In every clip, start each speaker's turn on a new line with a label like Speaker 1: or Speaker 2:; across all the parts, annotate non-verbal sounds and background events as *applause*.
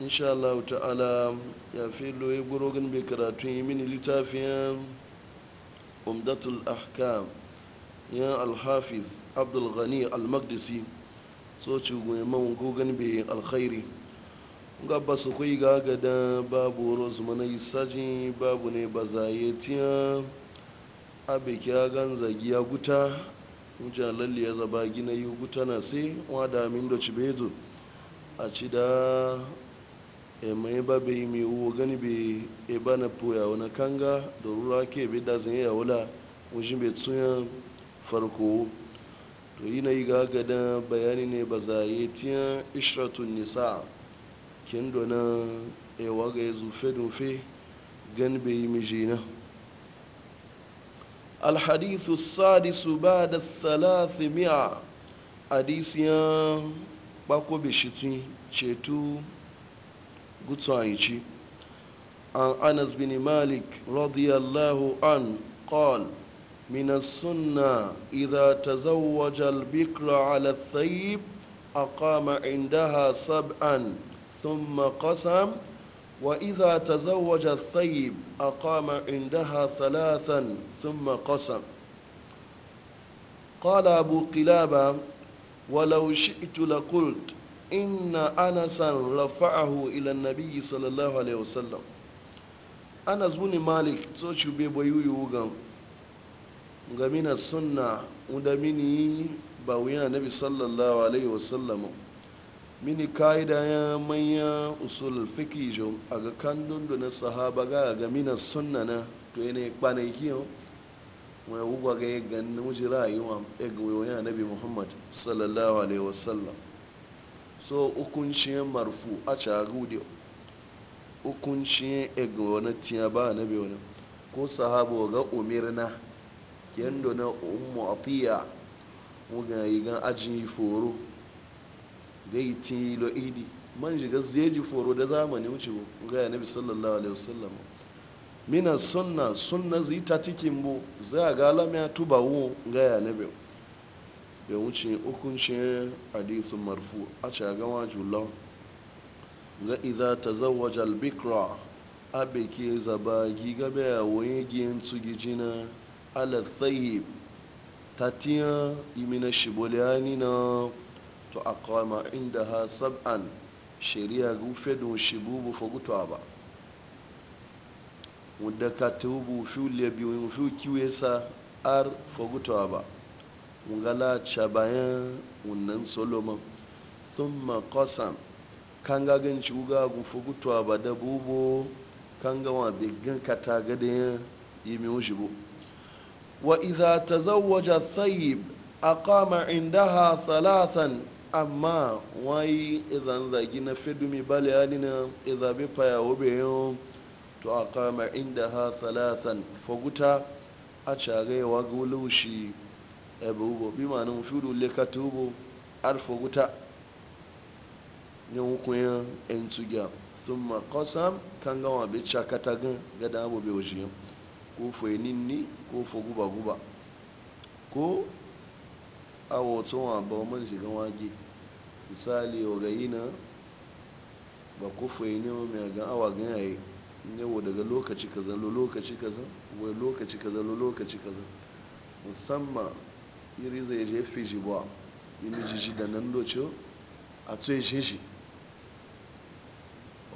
Speaker 1: insha ta'ala ya fi loye gurogin bai karatun yi mini littafin umdatul ahkam ya alhafiz abdul ghani al-maqdisi so ci goyi man gogan bai alkhairi gaba su kai ga gada babu rosu mana isaji babu ne ba zaye tiya abe kya gan zagi ya guta lalle ya zaba gina yi guta na sai wada min da ci bezo a ci da eme eh, ba be mi wo gani be eh, ba na poya wani kanga da rura ke be da zan ya wala wajen be tsunya farko to yi na yi ga gada bayani ne ba za yi tiya ishratun nisa kin dona ewa eh, ga ya zufe dufe gani be yi da الحديث السادس بعد الثلاثمائة حديث يا باكو بشتي cetu gutsayici an anas bin malik radiyallahu an qal mina as-sunna idha tazawwaja al-bikra 'ala ath-thayyib aqama 'indaha sab'an thumma qasam wa idha tazawwaja ath-thayyib aqama 'indaha thalathan thumma qasam qala abu qilaba ولو شئت لقلت inna anasan rafa'ahu ila nabi sallallahu alaihi wasallam anas bin malik so ci be boyuyu gan gamina sunna unda mini ba wuya nabi sallallahu alaihi wasallam mini kaida ya manya usul fiki jo aga kan dundu na sahaba ga gamina sunna na to ene kwanaki yo wa wuga ga ga mujira yi wa ga wuya nabi muhammad sallallahu alaihi wasallam so hukuncin marfu a cagude hukuncin ga wani tiya ba na biyu ne ko sahabo ga umirna kendo na ummu fiya muga yi gan aji foro gai tilo idi man shiga zai foro da zamani wuce ga ya nabi sallallahu alaihi wasallam mina sunna sunna zai ta tikin bu za a ga lamya tuba wo ga ya ya wuce hukuncin hadisin marfu a cagawa julon ga iza ta zawaja albikra abe ke zaba giga baya waye giyan tsugi ta ala tsayi tatiya imina shibuliyani na to akama inda ha sab'an shari'a gufe don shibu bu fagutuwa ba wadda ka tubu fiye biyu fiye kiwesa sa ar fagutuwa ba ngala cabayan wannan solomon sun qasam kanga gan shuga ba ba da bubo kanga wa biggan kata gadayan wushi bu wa ta idha a thayyib inda indaha salasan, amma wai izan zagi na fidumi bale alina idan bi faya wabe yau to aqama indaha thalathan fuguta a cagaiwa gulushi e bugo bi ma'ana mufidu le katubu alfo guta yan kuyan en tsugiya thumma qasam kan wa bi chakata gan ga da abu be oji ko fo ninni ko fo guba guba ko awo wa ba man shiga waje misali o ga yina ba ko fo o me ga awa gan yayi ne wo daga lokaci kaza lo lokaci kaza wo lokaci kaza lo lokaci kaza musamman iri zai je fiji ba iri jiji da nan doce a tsoye shi shi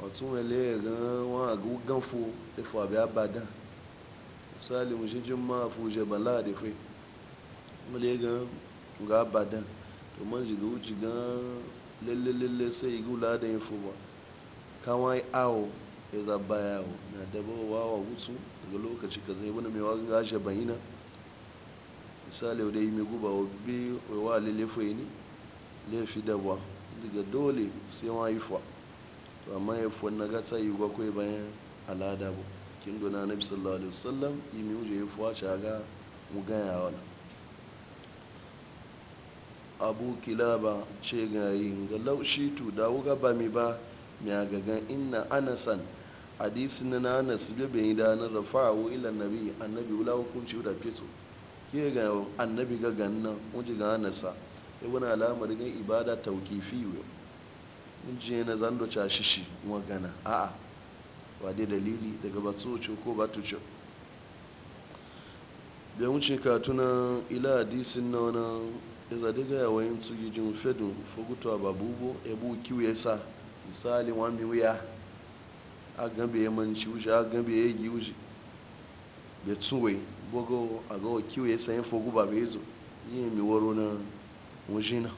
Speaker 1: wato mai laye gan wa gan fo ifa e biya badan misali mu jijin ma fuje bala da fai mule gan ga badan to man jiga wuce gan lalle lalle sai igu da ya fo ba kawai awo ya zaba yawo na dabawa wawa wutsu daga lokaci ka zai wani mai wagan gashe bayina misali dai mai guba wa wewali lefoyini da daban daga dole sai ma yi fa to amma ya fa na gata yi gwa kwai bayan alada bu kin dona nabi sallallahu alaihi wasallam mai wuce ya fa cha ga mu gaya wa abu kilaba ce ga yi ga laushi tu da wuga ba mi ba mai ga ga ana san hadisi na anas be yi da na wa ila nabi annabi wula hukunci da fito ke ga annabi ga ganna unji ga nasa e wani alamar yin ibada tauqifi yo unji na zando cashishi shishi magana a a wa dai dalili daga wuce ko batucho da wuce tuna ila hadisin na wani zade ga yawayin tsugi jin fedun fugutuwa babubo bu kiwu ya sa misali wani wuya a gambe ya manci wuce a gambe ya yi wuce betuwe bogo agawo okiwe sayin fogu ba bezo yin mi waro na wajina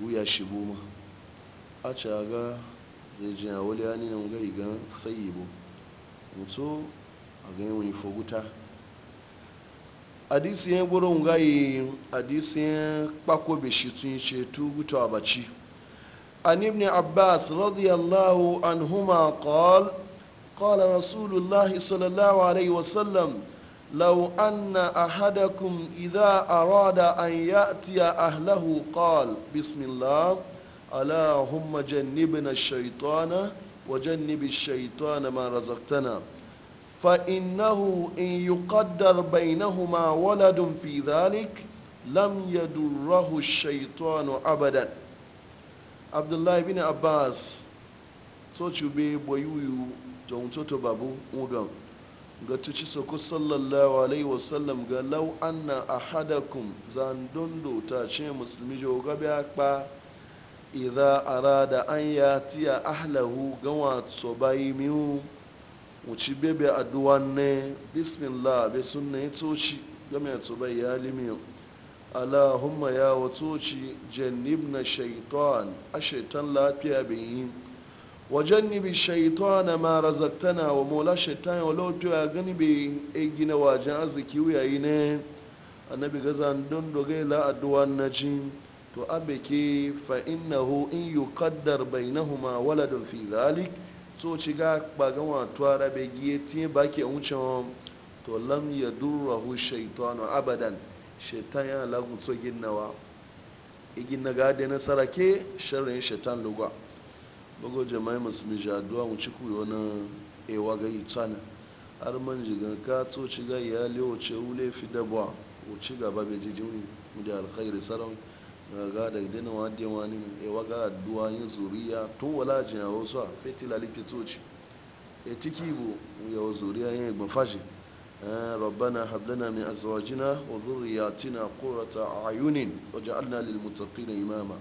Speaker 1: guya ya buma a ci aga zai ji a wali ya nina ga igan fayibo mutu a ganyen wani foguta hadisi ya gboro ngayi hadisi ya kpako beshi tun ce tu gutu abaci an ibn abbas radiyallahu anhuma qala قال رسول الله صلى الله عليه وسلم لو أن أحدكم إذا أراد أن يأتي أهله قال بسم الله اللهم جنبنا الشيطان وجنب الشيطان ما رزقتنا فإنه إن يقدر بينهما ولد في ذلك لم يدره الشيطان أبدا عبد الله بن عباس so cube boyuyu tun toto babu ugan ga tuci soko sallallahu alaihi wasallam ga lau anna ahadakum zandondo ta ce musulmi jo gabe akpa idza arada an tiya ahlahu gawa so bayi miu wuci bebe addu'a ne bismillah be sunna toci game so bayi alimi allahumma ya wato ci na shaitan a shaitan lafiya bin wajannibi shaitana ma na wa mola shaitana wa lotu ya gani bai e gina wajen arziki yayi ne annabi gazan don doge la na ci to abeki fa innahu in yuqaddar bainahuma waladun fi zalik to ci ga bagan wato rabe giye tie baki wuce to lam yadurruhu shaitanu abadan shaitan ya lagu to ginnawa igin na gade na sarake sharrin shaitan lugwa bago jamai musulmi jaduwa mu ci kuyo na ewa ga itsana har man jiga ka to ci ga iyali o ce wule fi dabwa o ci gaba bai jijin mu da alkhairi sarau ga da idan wadda wani ne ewa ga duwa yin zuriya tun wala jin a. hawo sa fetila lipitoci e tiki bu ya zuriya yin gbafashi ربنا eh, wa لنا من ازواجنا وذرياتنا قرة اعين واجعلنا للمتقين imama.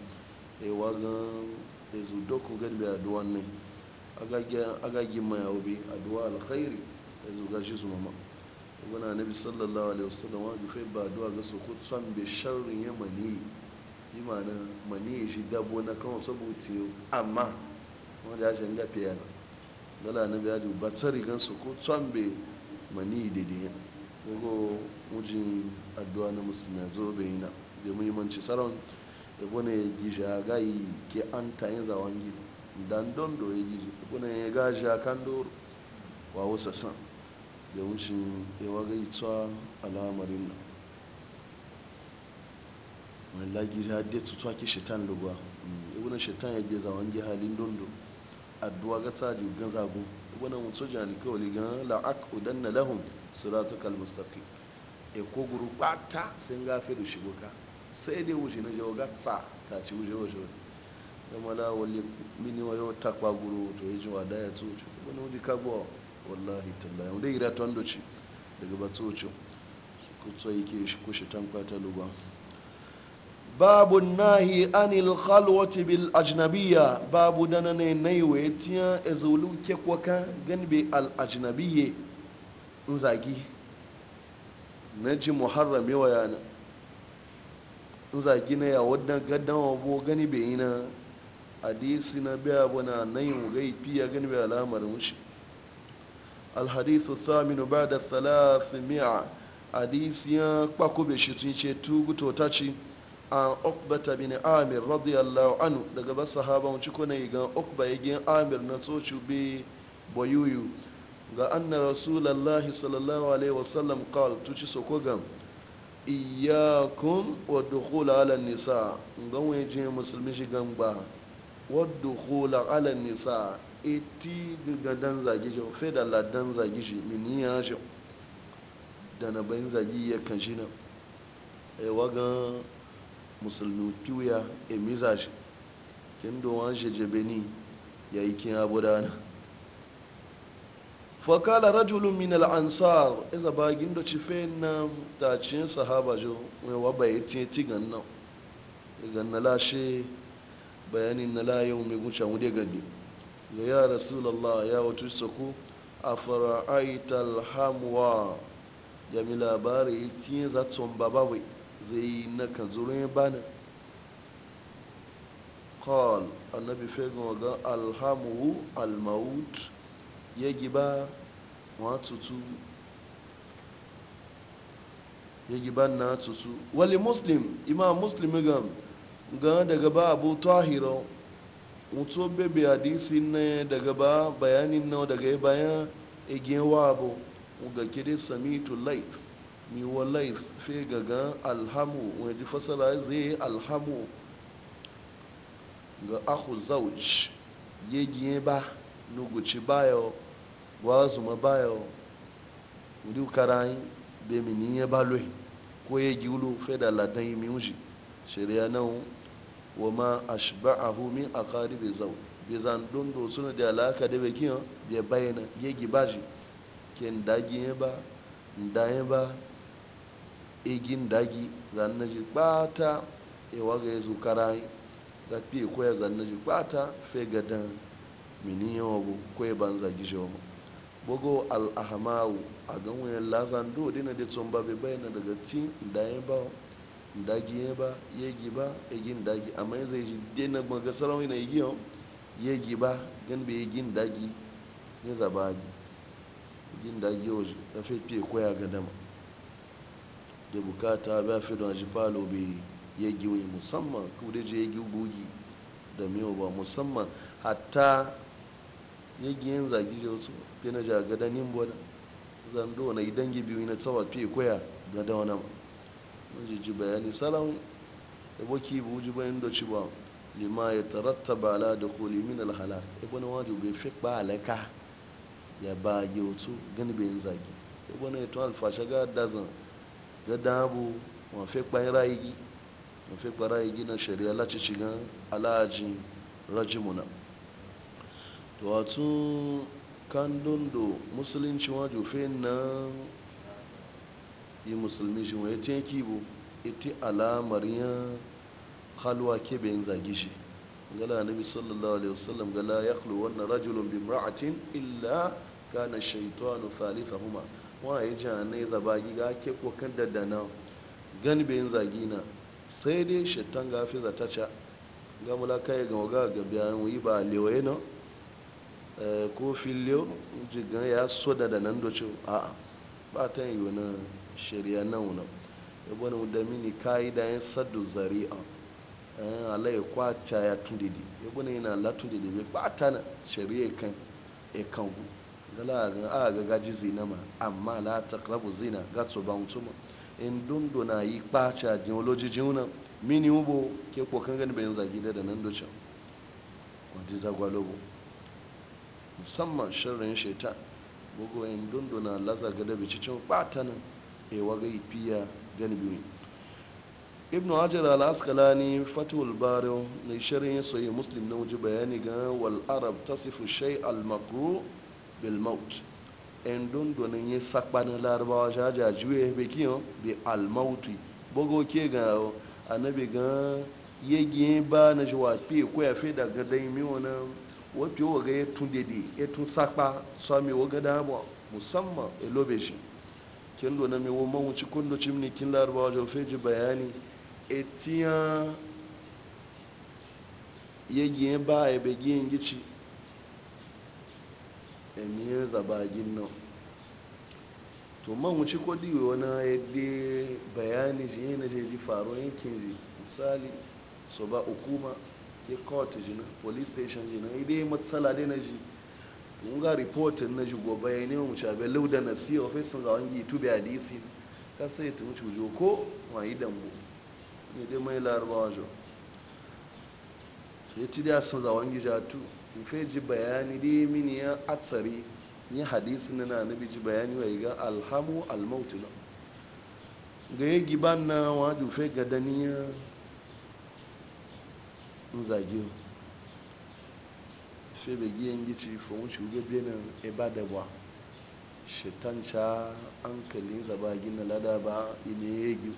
Speaker 1: اي e واغان ezudoku gadi be a ne aga gima ya a aduwa alkhairi ezuga shi su mama na anabi sallallahu alaihi wasallam wa fe ba duwa ga su ku tsan be sharrin ya mani yi mana mani shi dabo na kan sabuti amma wanda ya shanga fiya na dala annabi ya ba tsari gan su ku tsan be mani dede gogo mujin aduwa na musulmi zo bayina da muhimmanci sarauni ebone gija gayi ke antayin zawangi dan dondo ya gije ebone gaja kandoro wa wasa san da wuce ewa gai tsa al'amarin nan mai lagi ya dai tutsa ke shetan lugwa ebone shetan ya geza wangi halin dondo addu'a ga tsari ga zago ebone mutu jani kawai ga la'ak na lahum siratuka almustaqim e ko guru bata sun gafe da shigo ka sai dai wuce na jawo sa ta ci wuce wuce da mala wali mini wayo takwa guru to yi jiwa da ya tsoci wani wuji kagwa wallahi tallahi wanda ira wanda ce. daga ba tsoci Kutso tsoyi ke shi kushe tankwa ta luba babu nahi anil khalwati bil ajnabiyya babu dana ne waye tiya ezulu ke kwaka bai al ajnabiyye in zagi na ji muharrami wa yana a gina ya wadda gaddawa bo gani bai yi na hadisi na biya bana nan yin gai fiya gani bai alamar mushi alhadisu saminu ba da salasimiya hadisi ya kpako bai shi tun ce tuguto ta ci an ukbata bin amir radiyallahu Anu daga ba sahaban ci kuna yi gan ukba ya gin amir na tsoci bi bayuyu ga anna rasulallahi sallallahu alaihi wasallam kawal tuci sokogan iyakun wadda ala nisa ganwe je musulmi shi gangba, wadda ala nisa iti ga dan zagi shi fe da la dan zagi shi min ya shi da na bayin zagi ya kan shi na ewa ga musulmi kiwuya emiza shi kin dowan shi jebeni ya yi kin abu dana fakala rajulun min al'ansar iza bagin da cife na ta tacin sahaba jo mai waba ya ce ti ganna ganna lashe bayanin na layo mai guca mu dai gadi ya rasulallah ya wato sako a fara'aita alhamwa ya mi labari ya tiye za tun baba wai zai yi na kan zurin ya bani qal annabi fegan ga alhamu almaut giba na tutu wali muslim imam muslim gam ga daga ba abu tahiro mutu bebe hadisi ne daga ba bayanin na daga ya bayan igewa e abu ga kiri to laif mi wa laif fe gaga alhamu wani di fasara zai alhamu ga aku zauj yagiye ba luguci bayo gwazuma bayo ndi ukarayi be mini balwe ko ya feda fe da ladan yi miuji sheria nan wa ma ashba'ahu min aqaribi zaw bi zan dondo suna da alaka da bekin ya bayina ya gibaji ken dagi ya ba ndaye ba igin dagi zan ji bata e ga yazo karayi da fi koya ya zan naji bata fe gadan minin yawa kwaye ban zagi shi mu bugu al'ahamawu a ganwayen lazan dodi na ditsun ba bai bayyana daga tin daye ba dagi ya ba yegi ba egin dagi amma yanzu zai ji dena maga sarauni na yi yau yegi ba gan bai yegin dagi ya zaba gi egin dagi yau na fefe koya ga dama da bukata ba fi don shi falo bai yegi wani musamman kudai je yegi gugi da miyo ba musamman hatta yegiyen zagiri wasu pena ja gada nimbo da zando na idan biyu na tsawa fiye koya gada wani mun bayani salon da boki bu ji bayan da ci ba lima ya taratta Bala da koli min alhala ibn wajib bai fi balaka ya ba ge wasu gani bayan zagi ibn ya to alfashe ga dazan ga dabu wa fi ba rayi wa fi na shari'a lati shiga alajin rajimuna to atun kan dondo musulunci wajo jufe na yi musulmi shi wani te bu iti alamar yan halwa ke bayan zagi shi gala bi sallallahu alaihi wasallam gala ya khlu wannan rajulun bi ma'atin illa kana shaytanu huma wa ya ja ne zabagi ga ke kokan da dana gani bayan zagi na sai dai shaitan gafi zata ca gamula kai ga waga ga bayan yi ba lewaye na Eh, ko filiyo jigan ya soda da nan doce a ba ta yi wani shirya nan wani ibn da mini kai da yan saddu zari'a an eh, alai kwata ya tudidi ibn yana la tudidi bai ba ta na shari'a kan e kan gu gala ga a ga gaji zina ma amma la taqrabu zina ga so ba mutuma in na yi kwacha geology jiuna mini ubo ke ko gani bayan zagi da nan doce wadda ji zagwalobo musamman shirin shaitan bugoyin dunduna laza gada bi cikin batanin ewa wagai fiya gani biyu ibn hajar al-asqalani fatul bari ne shirin sai muslim na wuji bayani ga wal arab tasifu shay al-makru bil maut en dunduna ya sakbanin larabawa jaja juye be kiyo bi al-maut bugo ke ga annabi ga yegi ba na jwa fi ko ya fi daga dai mi wannan wafi waga ya tun dede ya tun sakpa sami waga da ba musamman elobe shi kin dona mi wo mawu mawuci kundo cimni kin lar ba larabawa feji bayani etiyan ye ya ba e be ya begi yin gici emiyar zabagin nan to mawu ci kodi wo na wani de bayani ji ne je ji faruwa yankin ji misali so ba hukuma je court jina police station jina dai matsala dai na ji mun ga reportin na ji gobe ne mu shabe lauda na si ofisin zawon gi tube a dc ka sai ta mutu jo ko ma yi dambu ne dai mai larabawa jo ya ci da sun zawon gi jatu in fai ji bayani dai mini ya atsari ni hadisi na nabi ji bayani wa ga alhamu almautu na ga yi giban na wajen fai ga daniya zage sai da giyan gici fahimci shuge benin ibada ba sha an kalli zaba gina lada ba ile ya yi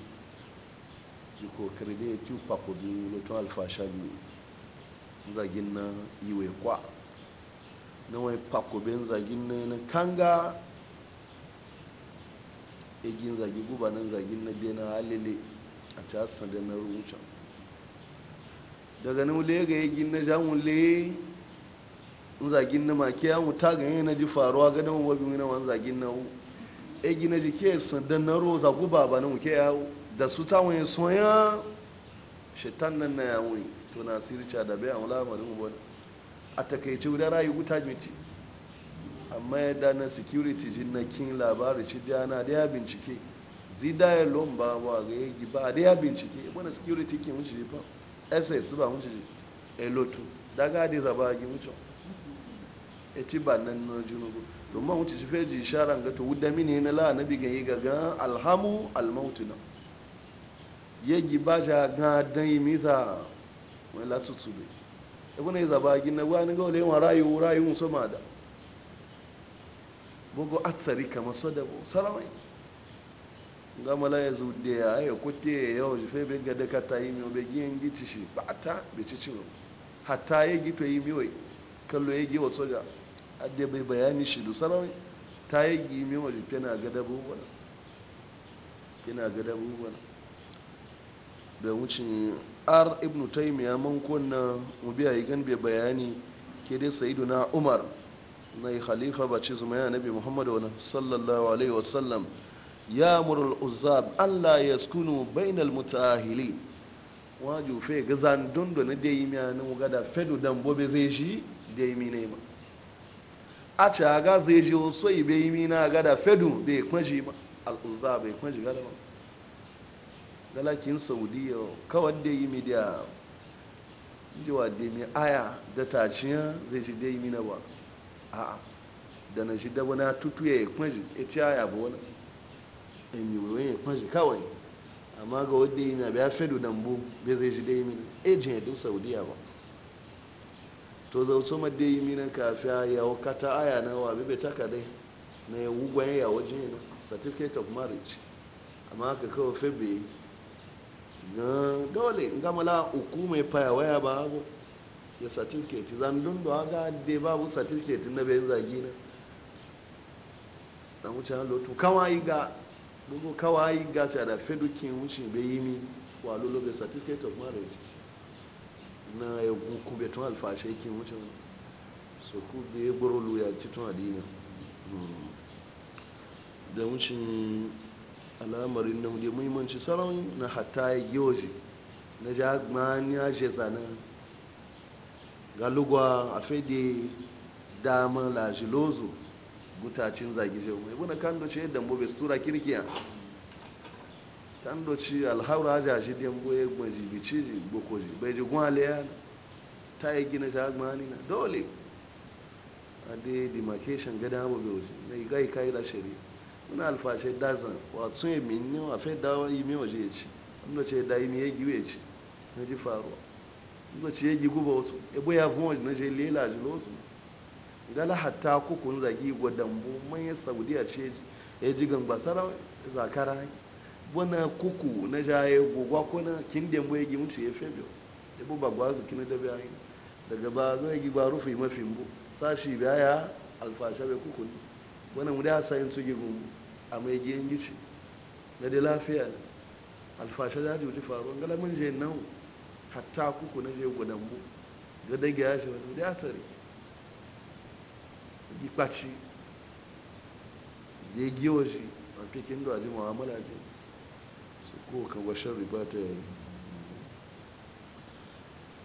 Speaker 1: ji kokari da ya ci kwakwado lotun alfasha biyu zagin na iwe kwa na wai kwakwaben zagin na yana kanga egin zagi na zagin na na halile a casa da na rucin daga nan wule ga yagin na jan wule in zagin na maki ya muta ga yana ji faruwa ga dan wabi na wani zagin na e gina ji ke sandan na ro zagu baba na muke ya da su ta wani soya shaitan nan na ya wuni to na siri sirca da bayan lamarin wani a takaice guda rayu guta miti amma yadda na security jin na kin labari ci da na da ya bincike zidayar lomba ba ga yagi ba da ya bincike wani security ke wuce fa ẹsẹ̀ ìsúbà ń jìjì ẹlòtù dágáàdì zaba agi wucọ eti ba nan na junubu domin wuce shi feji isharar ga to wuda mini na la nabi ga yi gaga alhamu almautu na yegi ba ja ga dan yi misa wani latutu bai ibina e yi zaba agi na wani ga olewa rayu rayu ma da bugu atsari kamar sodabo salamai gama ya yanzu da ya yi kuɗe ya waje fai bai gada ka ta yi miyo bai giyan gici shi ba ta bai ci cin hatta ya yi gife yi miyo kallo ya yi giwa soja adda bai bayani shi da sarawai ta yi gi miyo waje fena gada bubuwa fena gada bubuwa da wucin ar ibn taimiya man kunna mu biya yi gan bai bayani ke dai sayyiduna umar na yi khalifa ba ce zuma ya nabi muhammadu sallallahu alaihi wasallam ya murul allah ya skunu bainal mutahili wajo fe ga zan dondo na dai mi an ga da fedu dan bobe zai shi dai mi ne ma a ci ga zai ji so yi bai mi na ga da fedu bai kwaji ma al bai e kwaji ga da ma galakin saudiya kawai dai yi mi da jiwa da mi aya da taciya zai ji dai mi na ba a'a da na shi da wani tutuye kwaji e ita aya ba wani enyiwe maji kawai amma ga wadda yi na biya fedu nan bu bai zai ji dai mini ejin eh, yadda saudiya ba to zautu ma dai mina kafiya ya kata aya na wa bai taka dai na ya wugwan ya waje na certificate of marriage amma ka kawai febe na dole gamala uku mai faya waya ba hagu ya certificate zan dundu haka dai babu certificate na bayan zagi na dan wuce halittu kawai ga gbogbo kawai gacha da fedokin wucin bayi yi mi wa lulluɓe certificate of marriage na ya kube tun alfashe kin wucin su kube ya gboro luya cikin adina hmm. da wucin al'amarin na da muhimmanci sarauni na hatta ya yoji na ja ya je zanen galugwa a fede dama lajilozo gutacin zagi shi mai buna kan doce yadda mu bai kirkiya kan doce alhaura ja shi dem gwaji bici bokoji bai ji gwale ya ta yi gina shi agmani na dole a dai demarcation gada hamu bai wuce na yi gai kai da shari muna alfashe dazan watsun ya minni wa fai dawa yi mai waje ya ci wanda ce da yi mai ya giwe ci na ji faruwa wanda ya gi guba wasu ya boya fun waje na je lela ji lotu gala hatta kukun zagi gwadambu mai saudiya ce ya ji gangbasar zakara wana kuku na jaye gogwa kuna kin da mu yagi mushi ya febe ya bu bagwa su kin da bayi daga ba zo ya giba rufe mafi mu sashi baya alfasha be kukun wana mu da sayin su gi gungu a mai giyan gici Na da lafiya ne alfasha da ji faru galamin je nan hatta kuku na je gwadambu ga dage ya shi wani da tare gikpaci ya giwo shi a cikin da ji mu'amala ce su ko ka washen riba ta yi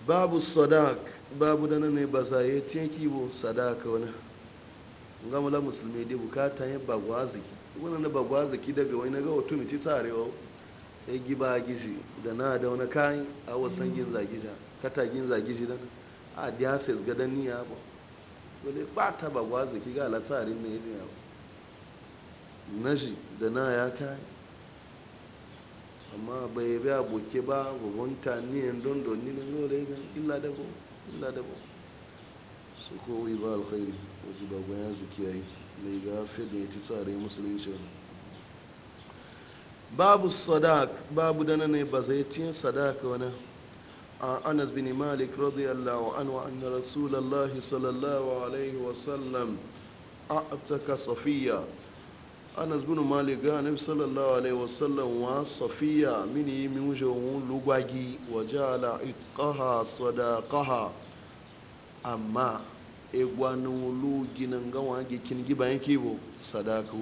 Speaker 1: babu sadak babu da nan ne ba za ya ce bu sadaka wani gamula musulmi da bukata ya bagwa ziki wani na bagwa ziki da bai na ga wato ci tsarewa ya giba gishi da na da wani kayan a wasan gin zagija kata gin zagiji don a diasis gadan niya ba wani bata ba gwaza ki ga latsarin na yajin Na shi da na ya kayi amma bai bi aboki ba babban niyan don doni na da gan illa dabo illa dabo su kowai ba alkhairi wasu ba gwayan su kiyaye mai gafe da ya ci tsare musulunci babu sadak babu dana ne ba zai tiyan sadaka wani Anaz bin Malik ra'za yalla wa'an wa annara su lallaihi alaihi wa sallam a'a ta ka Safiyya. Anaz bin Malik ganin da ta alaihi wa wa Safiyya mun waje a gwanin waje a gwanin waje a gwanin waje a gwanin waje a gwanin waje a gwanin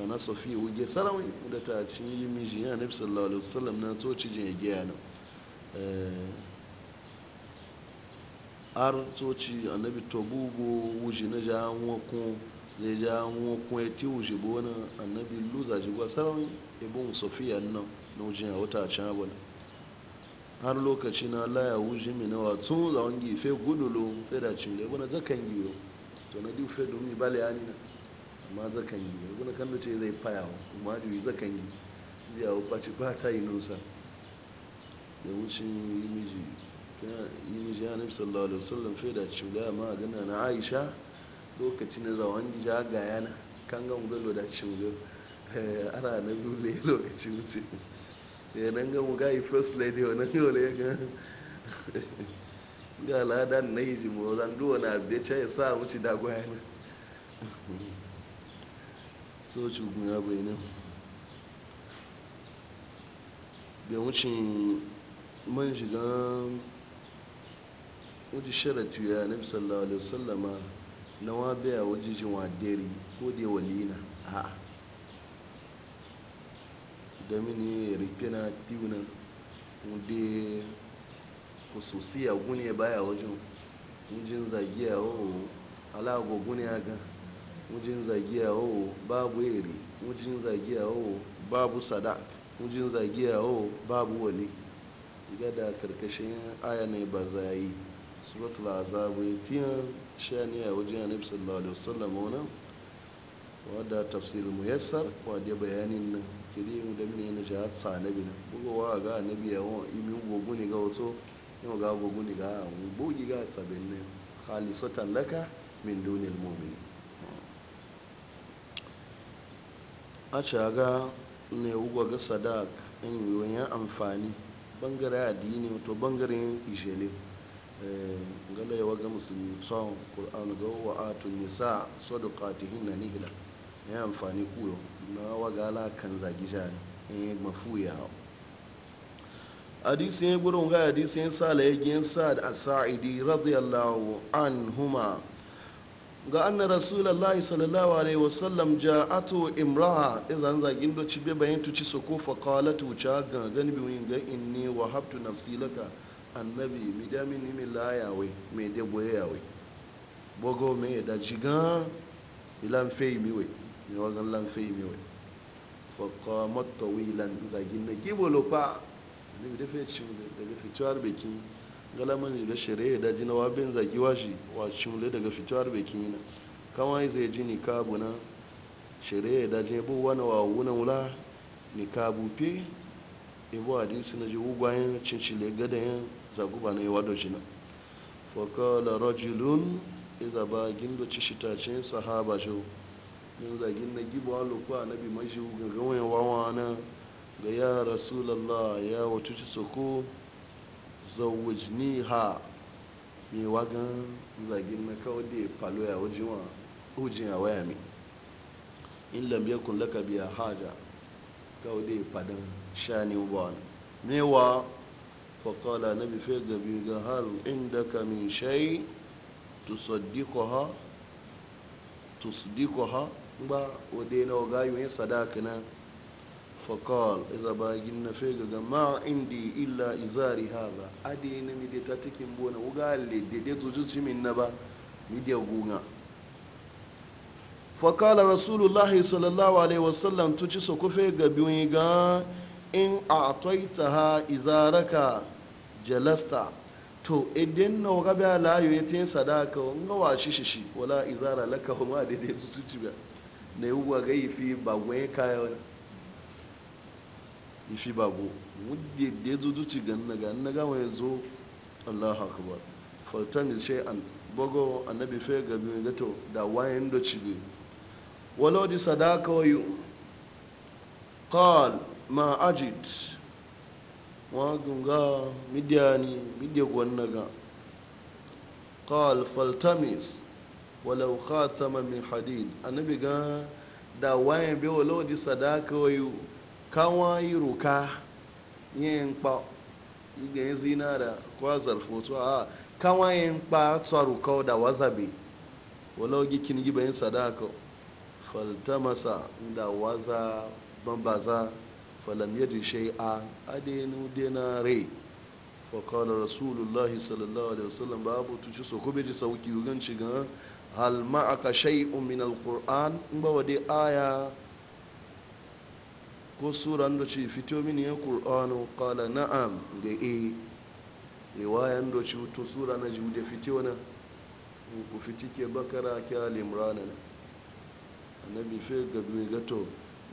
Speaker 1: waje a gwanin waje a gwanin waje a gwanin waje a gwanin waje a gwanin waje a gwanin har eh, soci annabi tobugo wuji na ja okun na ja okun eti wuji bona annabi luza ji gwasarawin ibn sofiya nan na wujin a wata can abana har lokaci na laya wuji mi na watsu za wangi fe gudulo fe da cin lai bana zakan yiwo to na diu fe domin bale ani na amma zakan yiwo bana kan da zai fayawa kuma da zakan yi biya wa ɓaci ba ta yi nusa da wucin yi miji yi miji ya nabi sallallahu alaihi wasallam fe da ciga ma gana na aisha lokaci na zawon gija ga yana kan gan galo da ciga eh, ana na lule lokaci wuce ya eh, nan ga muga yi first lady wa nan yau ga ga ladan na yi jimo zan duwa na abu ya sa wuce da gwayana so cugun ya bai da wucin man shigan wajen sharatu ya nabi sallallahu alaihi wasallama na wa biya wajen jin wa ko da walina a da mini na, tiwunan wadda kusursiya gune baya wajen wajen zagiya o alago gune aga wajen zagiya o babu eri wajen zagiya o babu sadak wajen zagiya o babu wali gada karkashin aya ne ba za yi suratul ya tiyan shani a wajen annabi sallallahu alaihi wasallam wannan wadda tafsir muyassar wadda bayanin nan kiri mu da mini na jihar tsanabi na bugowa ga annabi yawon imi gogu ne ga wato yau ga gogu ne ga mu bugi ga tsabin ne khalisatan laka min dunil mu'min a caga ne ugwa ga sadak in yiwuwan amfani Bangare addini to bangaren ijele eh, gala ga musulmi tsawon ƙur'anu ga wa'atun nisa sadaqatihin na nihila ya amfani kuyo na wagala kan zagi jani in eh, yi mafuya hadisi ya gurin ga hadisi ya sa da ya giyan sa'ad as-sa'idi radiyallahu anhuma ga anna rasulallah sallallahu alaihi wasallam ja'atu imra'a idan zagin do ci be bayin tuci soko fa qalat wuca ga gani bi ga inni wahabtu nafsi laka annabi mi da min mi la yawe me de boye yawe bogo me da jiga ilan fei mi we mi lan fei fa qamat tawilan zagin ne gibolo pa ne bi da fe ci da fe tuar bekin galamani da shari'a ya daji na wabin zagi washi wa cimle daga fitowar yana Kama ya zai ji ni kabu na shari'a ya daji bu wani wa wuna wula ni kabu fe ibu hadisi na ji ugwayen cincile gadayen zaguba na yawa da jina fokola rojilun iza ba gindo ci shitacin sahaba jau min zagin na gibo a na bi mashi gangan wawa na ga ya rasulallah ya wata ci soko zawujniha mai wagan zagin na kawai da falo ya hujin ya waya mi in lam kun laka biya haja kawai da fadan shani ba mewa faƙala na bife gabi ga hal inda ka min shai tusaddikoha ha ba wadai na ogayoyin sadaka na fakal iza bagin na fega ga ma indi illa izari haza ade na mi de tatikin bona wuga le de de zuju cimin na ba mi de gunga fakala sallallahu alaihi wasallam tuci so ko fega biwi ga in a'taitaha izaraka jalasta to idan na waga ba layo ya tin sadaka nga wa shi shi izara laka huma de de zuju cimin ne wuga gaifi ba gwen kayo ifi bago wadda ya zuci ganna ganna gawa ya zo allah akbar faltan shai an bago annabi fe gabi ga to da wayan da cibi Wala di sadaka wayo qal ma ajid wa gunga midiyani midiya gwan ga qal faltamis Wala walau khatama min hadid annabi ga da wayan bai walau di sadaka wayo kawo iroka yin kpa iga yin zina da kwazar foto a kawo yin kpa tsaruka da wazabe kini gi bayan sadaka faltamasa da waza bambaza falam yadda shai'a adenu denare fakawar rasulullah sallallahu alaihi wasallam babu tuci so ko beji sauki yugan shiga hal ma'aka shai'un min alkur'an in ba wade aya ko suran doci fito mini ya ƙur'anu ƙala na'am da e riwayan doci to sura na jude fito na ku fiti ke bakara ke alimrana na annabi fe ga gato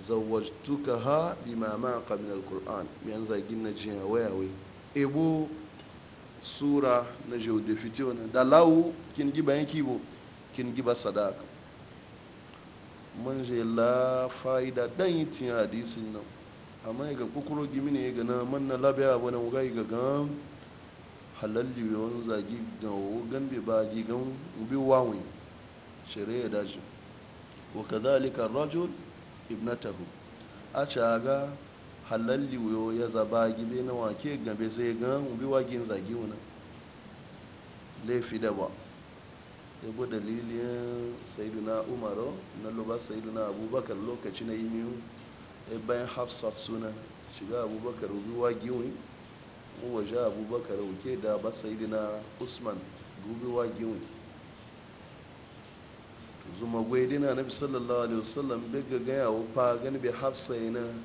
Speaker 1: zawajtuka ha bi mama ma qabil alquran yan zagin na jiya wayawai ebo sura na jude fito na da lawu kin giba yanki bo kin giba sadaka man je la fa'ida dan yi tiya hadisin nan amma ga kokoro gimi ne ga na man na labe abu na wuga ga ga halalli yon zagi ga wugan bi ba gi ga ubi wawin shari'a ya dashi wa kadhalika rajul ibnatahu a caga halalli yo ya zaba gibe na wake gabe sai gan ubi wagin zagi wani laifi da ba bi dalilin sayiduna umaru na lobar sayiduna abubakar lokaci na imiyu e bayan hafsat suna shiga abubakar ruwa giwi waje abubakar wuke da ba sayiduna usman gubewa giwi zuma gwaidina na sallallahu alaihi wasallam bai gaya wa fa gani bai hafsa yana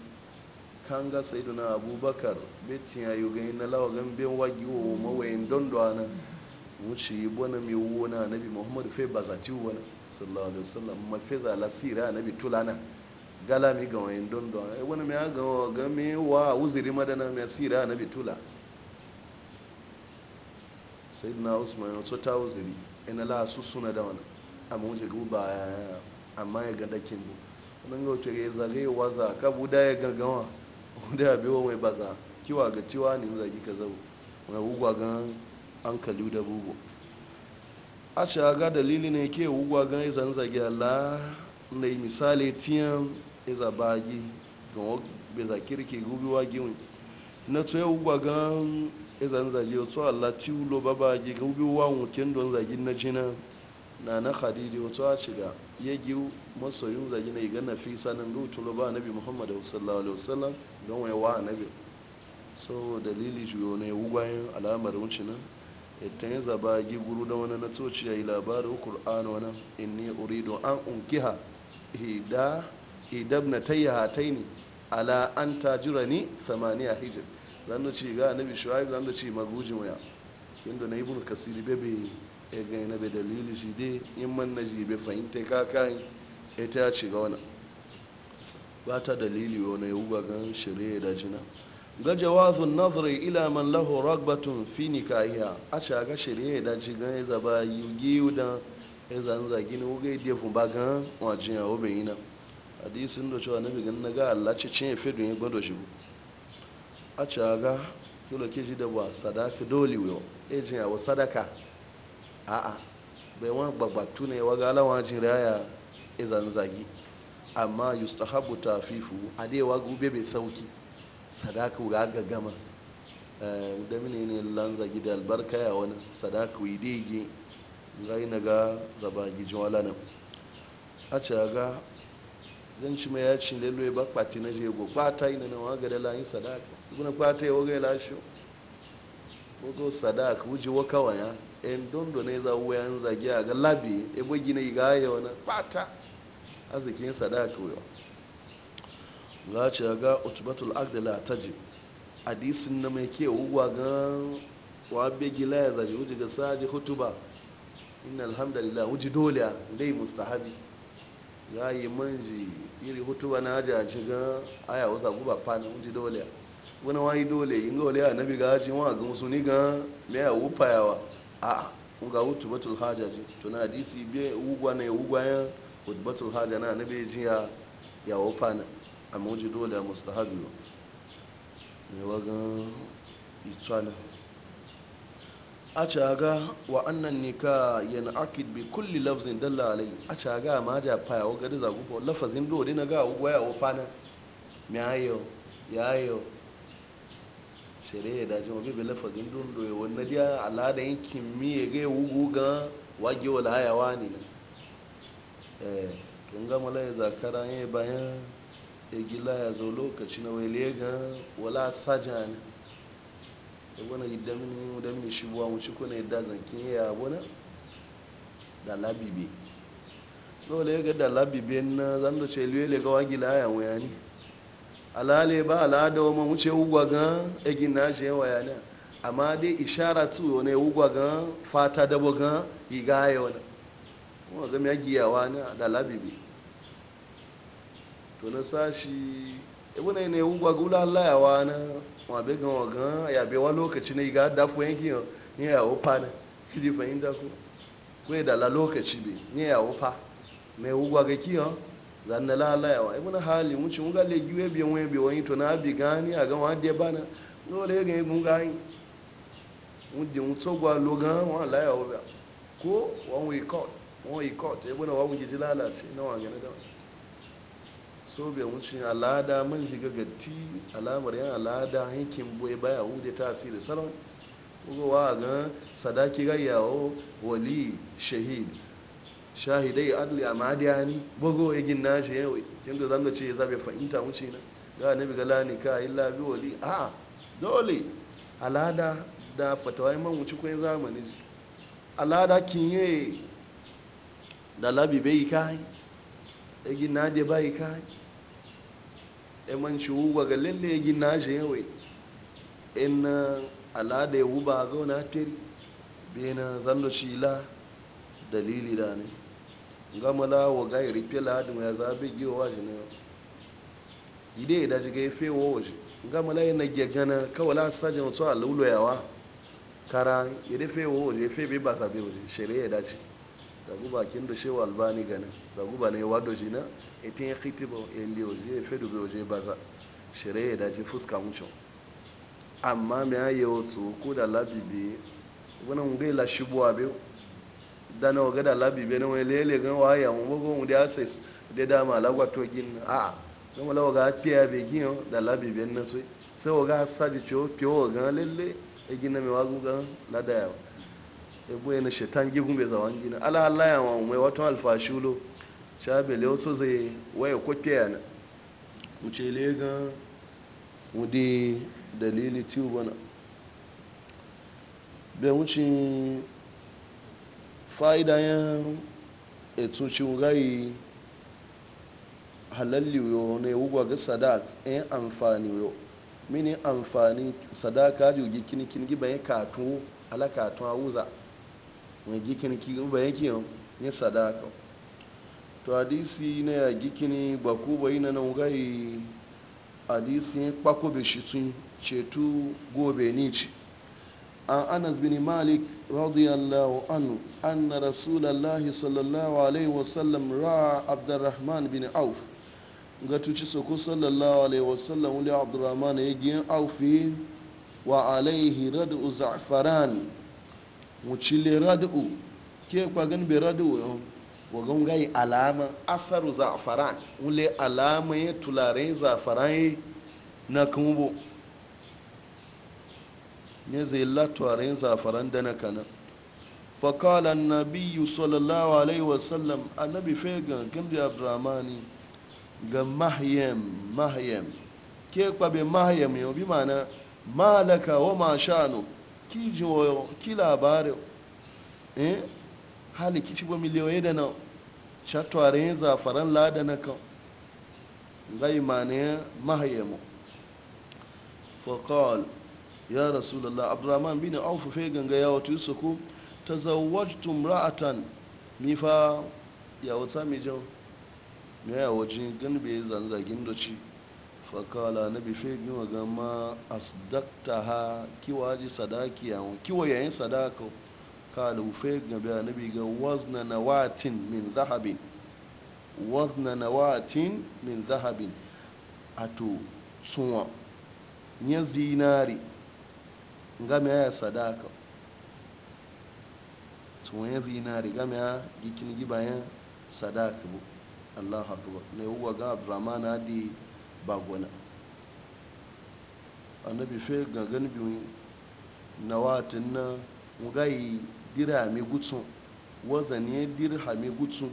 Speaker 1: kan ga sayiduna abubakar bai tiyayu gani na lawa gan bai wagiwa mawayin don na wuce bona mai na bi muhammadu fai ba zati wona sallallahu alaihi wasallam za lasira na bi tulana gala mi ga wayan don don ai eh, wani mai ga ga me wa uzuri madana mai sira bi tula sayyidina usman ya tsota uzuri ina la su suna da wani amma wuce guba amma ya ga dakin bu nan ga wuce ya zage waza ka buda ya gagawa da ya biyo mai baza kiwa ga ciwa ne zagi ka zau mai ugwa gan an da bugu a shaga dalili ne ke wugwa gan izan zage la na misali tiyan iza bagi don be za kirki gubi wa giwin na tsaye wugwa gan izan zage wato allah tiwulo ba bagi gubi wa wukin don zagi na jina na na khadija wato a shiga ya gi giwu yin zagi na fi sanin rutu lo ba nabi muhammadu sallallahu alaihi wasallam don wa waiwa nabi so dalili juyo ne wugwayen al'amarin wucinan itan ya zaba gi guru da wani na tsoci ya yi labarin ƙur'ani wani inni uridu an unkiha idabna idab na tayya hataini ala an tajira ni samaniya hijir zan da ci ga annabi shuaib zan da ci maguji waya kin da nayi bunu kasiri bebe Ya gani na be dalili shi dai in man na ji be fahimta ka kai e ta ci ga wani ba ta dalili wani ya wuga gan shirya da jina ga jawazun nazari ila man lahu ragbatun fi nikahiya a shaga shirye ya daji gan ya zaba giyu da ya zan zagi ne wuga ya defu ba gan wajen yawo bai yi na hadisin da cewa na bigan na ga Allah ce cin efe dun ya gbado shi a shaga kilo ke ji da ba sadaka dole wa e ya ji yawo sadaka a'a bai wani gbagbatu ne wa ga alawa jin raya ya zan zagi amma yustahabu tafifu a dai wa gube bai sauki sadaka ga gama udamine eh, ne lanza gida albarka ya wani sadaka yi dai ge zai na ga zaba gijin wala nan a ce ga zan ci mai yaci lalwai ba kwati na jego kwata yi na waga da layin sadaka na kwata ya waga lashe wago sadaka wuji wa kawaya yan dondo ne za wuya yan zagi a ga labi ebo gina ga ya wani kwata arzikin sadaka wuyawa ga ce ga utubatul agda la tajib hadisin na mai ke ugwa ga wa begi la ya zaji uji ga saji ba inna alhamdulillah wuji dole dai mustahabi ga yi manji iri hutu ba na aja ci ga aya wasa guba fana wuji dole wani wayi dole in dole ya nabi ga ji wa ga musu ni ga mai ya wufa yawa a ga batul hajaji to na hadisi be ugwa na ugwa ya batul haja na nabi ji ya wufa na mu ji dole a mustahabi ba mai wagan itsana a caga wa annan nika yana akid bi kulli lafzin dalla alai a caga ma ja faya wa gadi zagu ko lafazin dole na ga waya wa fana mai ayo ya ayo shere ya daji wa bebe lafazin dole ya wanda diya alada yin kimmi ya ga wugu ga wagewa wala hayawa ne na eh tun gama lai zakara ne bayan egila ya zo lokaci na wele ga wala saja ne da wani idamini idamini shi buwa mu ciko ne da zankin ya abu na da labibe dole ga da labibe na zanda da ce lele ga wagila ya waya ne alale ba alada wa mu ce ugwa ga egin na je waya ne amma dai ishara tu ne ugwa ga fata da boga igaye wani kuma ga miyagiyawa na da labibe to na sashi ibuna ne ungwa gula Allah ya wa na wa be wagan ya be lokaci ne ga da fu yanki ne ya opa na *laughs* kidi fa inda ko ko da la lokaci bi ne ya opa ne ungwa ga kiyo zan na la Allah ya wa hali mu ci unga le giwe be won be to na bi gani a ga wa de bana no le ga mu yi mu di gwa lo wa la ya wa ko wa we court wa we court ibuna wa mu ji lalace na wa ga na da so bai wuce alada man shiga gatti alamar yan alada hankin bai baya hude tasiri salon ugowa ga sadaki gayyawo wali shahid shahidai adli amadiyani bogo egin nashi yau kinga zanga ce zabe fahimta wuce na ga nabi galani ka illa bi wali a dole alada da fatawa man wuce ko zamani alada kinye da labi bai kai egin nadi bai kai emanci wuba ga lalle ya gina shi yawai in alada ya wuba ga wani hatiri na zando shi la dalili da ne gama la wa ga irife la hadin ya zaɓe giwa shi na yau ide ya daji ga ya fi wa shi gama la yana gegana kawai la sajin wasu a lulayawa kara ya da fi wa shi ya bai ba sabe wa shi shari'a ya dace zagu bakin da shewa albani ganin da guba ne wado shi na etin ya kiti bo indi oje e fe dube oje baza shari'a e da je fuska mucho amma me aye otu da wani ngai la shibu abe dana waga da labibi ne wani lele gan waya mu bogo mu da da gin a don wala waga tiya be gin da labibi nan so sai waga saji cho pyo gan lele e gin na me wagu gan la da yawa e boye na shetan gigun ala Allah ya wa mu wato alfashulo shabele wato zai waya kwake na wuce legan wude dalili na bai wuce fa'idayen etu cigayi halalli yo ne wugwa ga sadak yan e amfani yo mini amfani sadaka ji gi kinikin gi bayan kato ala katu wuza mai gi kini bayan kiyan yin sadaka to hadisi na ya gikini ba ku na nan gai hadisi ya kpako bai shi sun cetu gobe ni ce an anas bin malik radiyallahu anhu anna rasulallahi sallallahu alaihi wasallam ra'a abdurrahman bin auf ga tuci soko sallallahu alaihi wasallam wuli abdurrahman ya giyan aufi wa alaihi rad'u za'faran mu cile rad'u ke gani bai rad'u wagon gai alama asaru zafaran wule alama ya tulare zafaran na kumbo ne zai latuwaren zafaran da na kanan na biyu sallallahu alaihi wasallam annabi fegan gamdi abdurrahmani ga mahiyam mahiyam ke kwabe mahiyam yau bi mana malaka wa mashanu ki jiwo ki labarin eh hali kici ba miliyoyi da nan shatware yin zafaran lada na kan gai manayin mahayyamu faƙal ya rasulallah abdurrahman bin auf fe ganga ya wato yusufu ta zawajtu ra'atan mi ya wata mi jau mi ya waje gan be zanzagin doci fakala na bi fe bi maga ma asdaqtaha kiwaji sadaki ya kiwa yayin sadaka قالوا فيك نبي النبي وزن نواة من ذهب وزن نواة من ذهب أتو سوى ني زيناري ngame ya sadaka tsohon ya zinari game ya gikin gibayen sadaka bu allah akbar ne uwa ga abdurrahman adi bagwana annabi na watin na mugayi dirhami gutsun wazani dirhami gutsun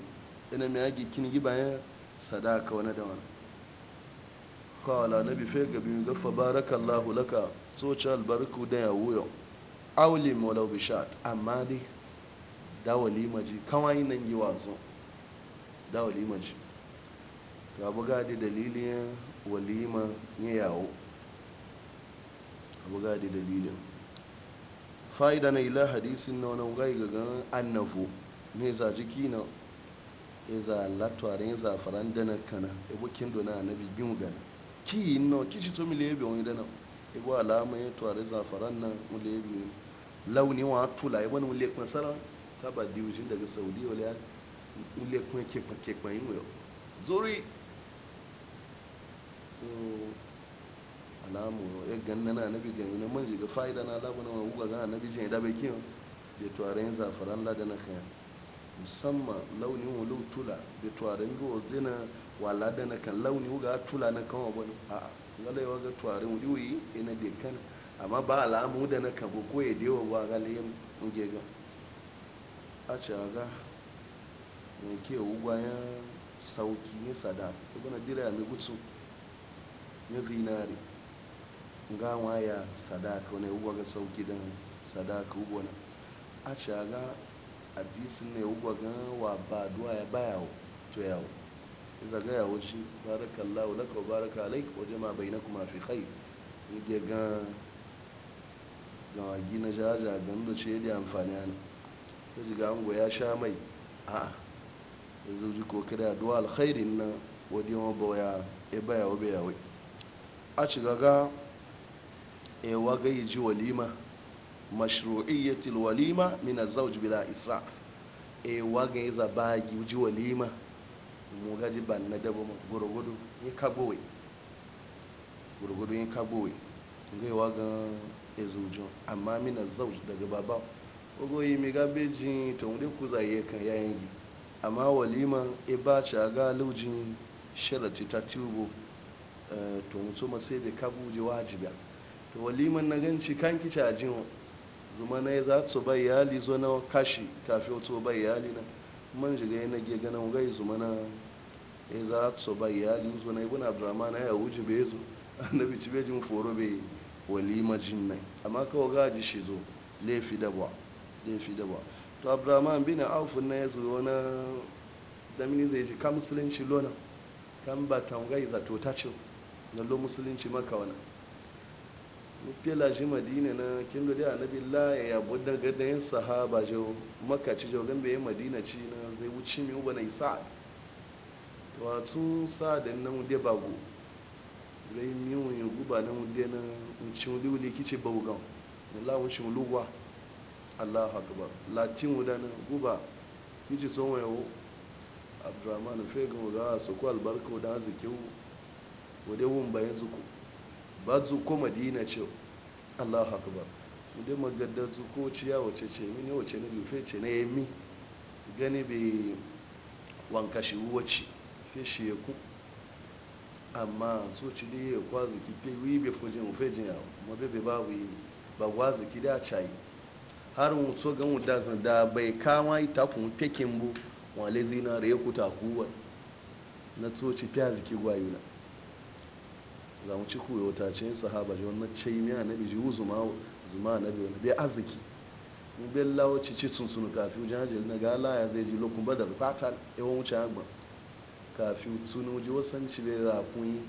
Speaker 1: ina miyagi kin yi bayan sadaka wani da wani kawala na bife ga biyu gafa allahu laka tsoci albarku da ya wuyo auli maulau bishad amma dai dawali maji kawai nan yi wazo dawali maji ga buga da dalilin walima ya yawo buga da dalilin fa'ida na ila hadisin na wani ga gagan annafo ne za jiki na ya za latuware ya za faran dana kana ya bukin na, annabi biyu gana ki yi no ki shi to mi lebe wani dana ya bu alama ya tuware za faran na miliyo lebe launi wa tula ya wani miliyo kuma sara ta ba diwushin daga saudi wale miliyo kuma kekwa kekwa yin yau. zuri so alamu e gannana na bigan ina manji ga fa'ida na labu na da na kayan musamman launin wulu tula na kan tula na kan wabani a galewa ga wuli ina da kan amma ba alamu da na kan ko ya dewa ba ngega a ce ga mai ke sauki ne sada ibana dira ya gutsu ya zinari nga waya sadakone ubaga saukidan sadaka ubona ashaga adisine ga wa duwa ya bayawo to yawo iza ga yawo shi barakallahu laka wa baraka alaik wa jama kuma fi kai. nige ga gawagi na jaja don da ce da amfani ana ta ga ango ya sha mai a zuji ji kokari duwa alkhairin na wajen wa baya ya baya wa baya wai a ci gaga e wagai ji walima mashru'iyyatil walima min azwaj bila israf e wagai za bagi ji walima mu gaji ban na dabo gurgudu ni kagowe gurgudu ni kagowe ngai wagan ezujo amma min azwaj daga baba Ogoyi mi gabe jin to mu ku zaye kan yayin amma walima e ba cha ga lujin sharati ta tubo eh, to mu ma sai da kabuje wajibi to waliman na ganci kanki cajin zuma na za su bai yali zo na kashi kafi wato bai yali na man shiga yana ge ganin gai zuma na ya za su bai yali zo na ibn abdurrahman ya wuji be zo annabi *laughs* ci bejin foro bai walima nan amma ga ji shi zo laifi da ba laifi da ba to abdurrahman bin auf na ya zo na da mini zai ji ka musulunci lona kan ba tangai zato ta ce na lo musulunci maka wani nufela shi madina na kin gode annabi la ya budda daga da yin sahaba jo makka ci jo gambe yin madina ci na zai wuce mi uba na isa'ad wato sa'ad na mude bago zai mi wun ya guba na mude na mucin wuli wuli kice baugan la wucin lugwa allahu akbar latin wuda na guba kici son wayo abdurrahman fegan wuga su ku albarka wuda zikin wude wun bayan zuku ba ko madina ce allahu akbar magadda magadar ko ciya wace ce mini wace na rufe ce na yammi gani bai wanka shi wace fi shi ya ku amma so ci da ya kwazi ki fi wi bai fujin mu jin yawo mu bai bai babu yi ba kwazi ki da cayi har mu so gan da zan da bai kama ita kun fekin bu wale zinare ya kuta kuwa na so ci fi ziki gwayuna za mu ci kuyo ta ce sahaba ji wannan ce mi annabi ji zuma na biyu. wannan bai arziki mu bai lawo ci ci sun sunu kafi wajen hajji na gala ya zai ji lokun badar fata yawan wuce agba kafi sunu ji wasan ci bai rakun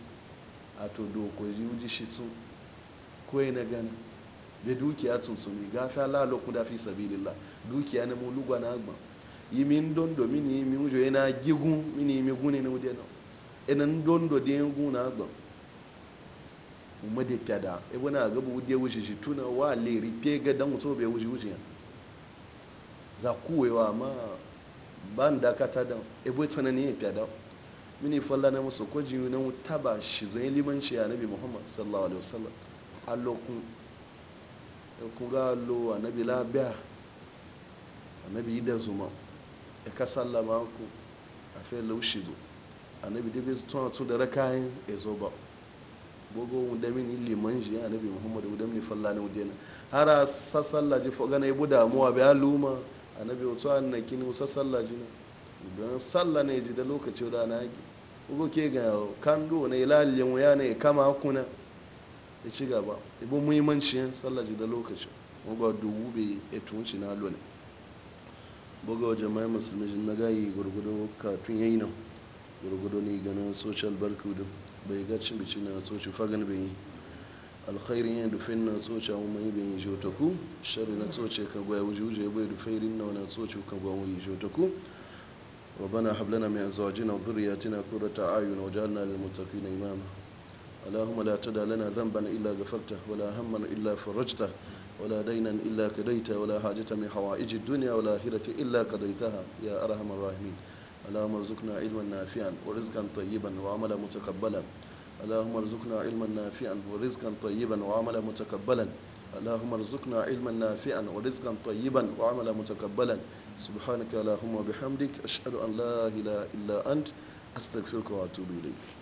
Speaker 1: a to doko ji wuji shi sun koyi na gani. bai dukiya sun sunu gafi la lokun da fi sabilillah dukiya na mu lugwa na agba yi min don domin yi min wujo yana gigun mini yi mi gune na wudena enan don do den guna agba umade piada ebona a gabu wude wuce shi tuna wa leri pega dan wuto bai wuce wuce ya za wa ma ban dakata dan ebo tsanani ya piada mini falla na musu ko jiyu na taba shi zai limanci ya nabi muhammad sallallahu alaihi wasallam allo kun ku ga allo annabi labiya annabi da zuma ya ka sallama ku a fiye laushido annabi da bai tun da rakayin ya zo ba bogo mu damini limanji ya nabi muhammadu mu damini fallani mu dena hara sasallaji fo gana ibu damuwa be aluma annabi wato annakin mu sasallaji na don salla ne ji da lokaci da na yake ugo ke ga kando ne lalle mu ya ne kama kuna ya ci gaba ibu muhimmanci sallaji da lokaci ugo dubu be etunci na lona buga wajen mai musulmi na gayi gurgudu kafin yayi nan gurgudu ne ganin social barkudu bai ga cimici na tsoci fagan bin yi alkhairin yin dufin na tsoci amma mai bin yi jotaku shari na tsoci ka gwaya wujewuje ya bai dufairin na wani tsoci ka gwaya wujewuje jotaku rabana hablana mai azawaji na buriya tana kura ta ayu na wajen na lil mutafi na imama allahumma la tada lana dhanban illa ghafarta wa la hamman illa farajta wa la daynan illa qadayta wa la hajata min hawaij ad-dunya wa la akhirati illa qadaytaha ya arhamar rahimin اللهم ارزقنا علما نافعا ورزقا طيبا وعملا متقبلا اللهم ارزقنا علما نافعا ورزقا طيبا وعملا متقبلا اللهم ارزقنا علما نافعا ورزقا طيبا وعملا متقبلا سبحانك اللهم وبحمدك اشهد ان لا اله الا انت استغفرك واتوب اليك